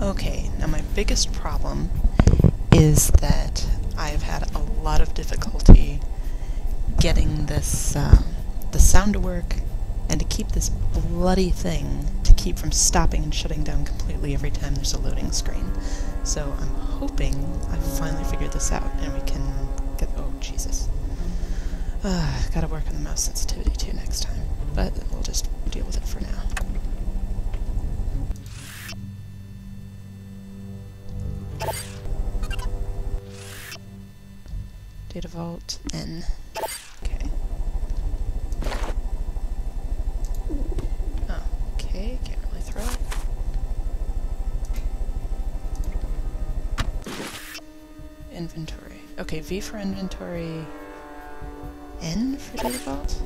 Okay, now my biggest problem is that I have had a lot of difficulty getting this uh, the sound to work and to keep this bloody thing to keep from stopping and shutting down completely every time there's a loading screen. So I'm hoping I've finally figured this out and we can get... oh, Jesus. Uh, gotta work on the mouse sensitivity too next time, but we'll just deal with it for now. vault and okay. Oh, okay, can't really throw it. Inventory. Okay, V for inventory. N for data vault?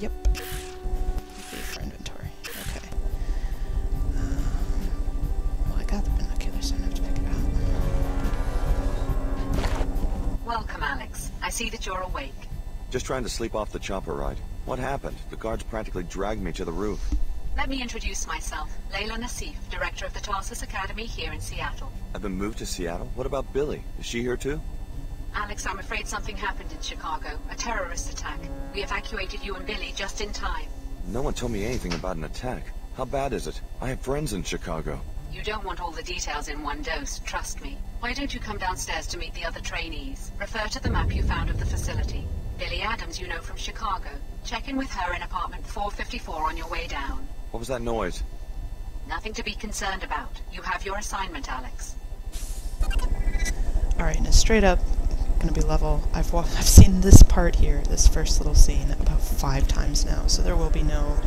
Yep. Welcome, Alex. I see that you're awake. Just trying to sleep off the chopper ride. What happened? The guards practically dragged me to the roof. Let me introduce myself. Layla Nassif, director of the Tarsus Academy here in Seattle. I've been moved to Seattle? What about Billy? Is she here too? Alex, I'm afraid something happened in Chicago. A terrorist attack. We evacuated you and Billy just in time. No one told me anything about an attack. How bad is it? I have friends in Chicago. You don't want all the details in one dose, trust me. Why don't you come downstairs to meet the other trainees? Refer to the map you found of the facility. Billy Adams you know from Chicago. Check in with her in apartment 454 on your way down. What was that noise? Nothing to be concerned about. You have your assignment, Alex. Alright, now straight up, gonna be level. I've, I've seen this part here, this first little scene, about five times now, so there will be no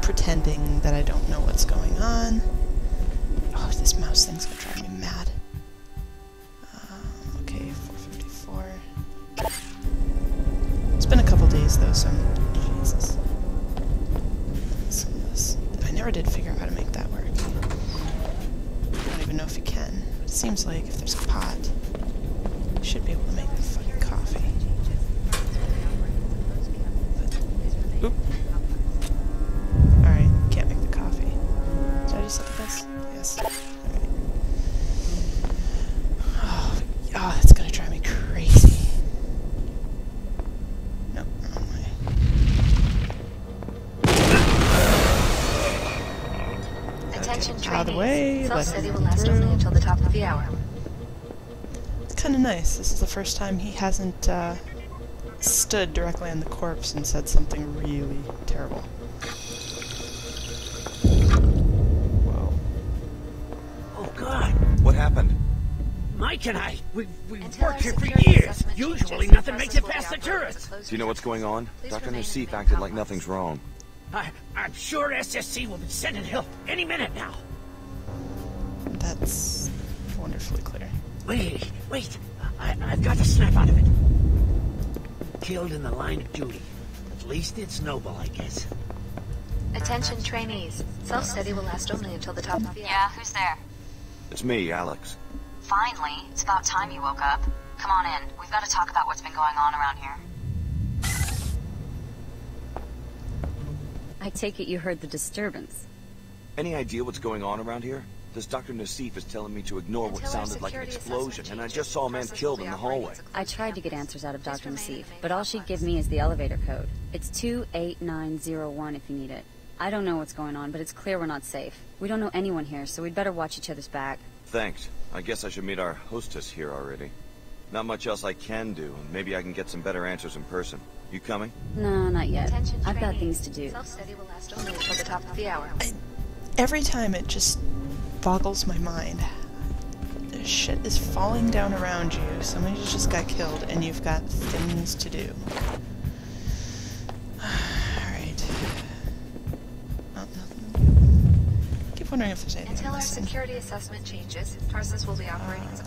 pretending that I don't know what's going on. Oh, this mouse thing's gonna drive me mad. Uh, okay, 454. It's been a couple days though, so I'm, Jesus. I never did figure out how to make that work. I don't even know if you can. But it seems like if there's a pot, you should be able to make the fucking coffee. But, oop. out of the way. Self-study will last through. only until the top of the hour. It's kind of nice. This is the first time he hasn't uh, stood directly on the corpse and said something really terrible. Whoa. Oh, God. What happened? Mike and I, we, we worked here for years. Usually nothing makes it past the tourists. Do you know what's going on? Please Dr. Nassif acted like nothing's wrong. I, I'm sure SSC will be sending help any minute now. That's wonderfully clear. Wait, wait. I, I've got to snap out of it. Killed in the line of duty. At least it's noble, I guess. Attention trainees. Self-study will last only until the top of the hour. Yeah, who's there? It's me, Alex. Finally. It's about time you woke up. Come on in. We've got to talk about what's been going on around here. I take it you heard the disturbance. Any idea what's going on around here? This Dr. Nassif is telling me to ignore Until what sounded like an explosion, and I just saw a man killed in the hallway. I tried to get answers out of Dr. Nassif, but all she'd give me is the elevator code. It's 28901 if you need it. I don't know what's going on, but it's clear we're not safe. We don't know anyone here, so we'd better watch each other's back. Thanks. I guess I should meet our hostess here already. Not much else I can do, and maybe I can get some better answers in person. You coming? No, not yet. I've got things to do. Self-study will last only until the top of the hour. I, every time it just boggles my mind. This shit is falling down around you. Somebody just got killed, and you've got things to do. Alright. keep wondering if there's anything Until our security assessment changes, Tarsus will be operating uh,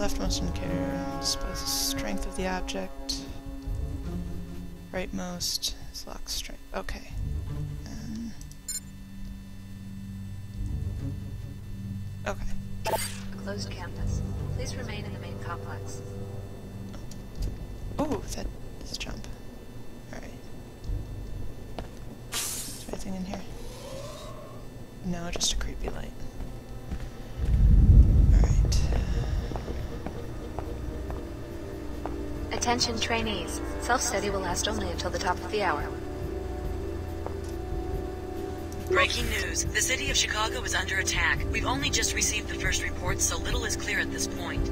leftmost indicates by the strength of the object. Rightmost is lock strength. Okay. Um, okay. closed campus. Please remain in the main complex. Oh, that Attention trainees, self-study will last only until the top of the hour. Breaking news. The city of Chicago is under attack. We've only just received the first reports, so little is clear at this point.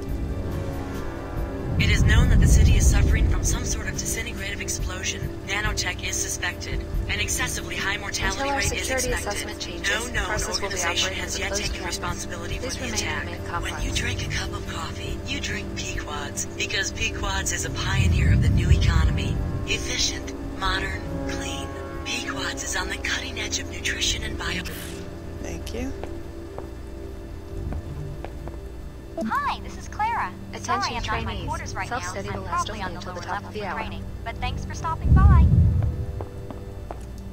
It is known that the city is suffering from some sort of disintegrative explosion. Nanotech is suspected. An excessively high mortality Until rate is expected. Changes, no known organization has yet taken responsibility for the attack. When you drink a cup of coffee, you drink Pequod's because Pequod's is a pioneer of the new economy. Efficient, modern, clean. Pequod's is on the cutting edge of nutrition and bio. Thank you. Hi, this is Clara. Attention Sorry, I'm trainees. my quarters right now. probably on the lower the the training, but thanks for stopping by.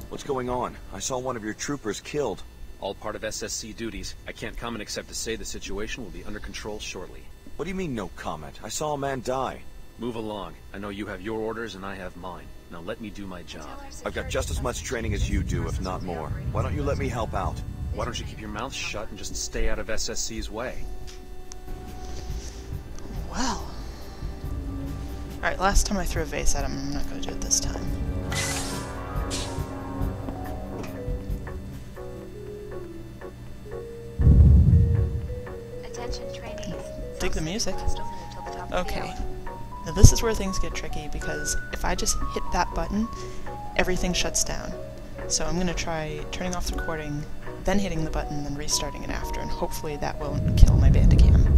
What's going on? I saw one of your troopers killed. All part of SSC duties. I can't comment except to say the situation will be under control shortly. What do you mean, no comment? I saw a man die. Move along. I know you have your orders and I have mine. Now let me do my job. I've got just as much training as you do, if not more. Why don't you let me help out? Why don't you keep your mouth shut and just stay out of SSC's way? Well. Alright, last time I threw a vase at him, I'm not going to do it this time. Attention trainees. Dig the music. Okay. Now this is where things get tricky because if I just hit that button, everything shuts down. So I'm going to try turning off the recording, then hitting the button, then restarting it after, and hopefully that won't kill my Bandicam.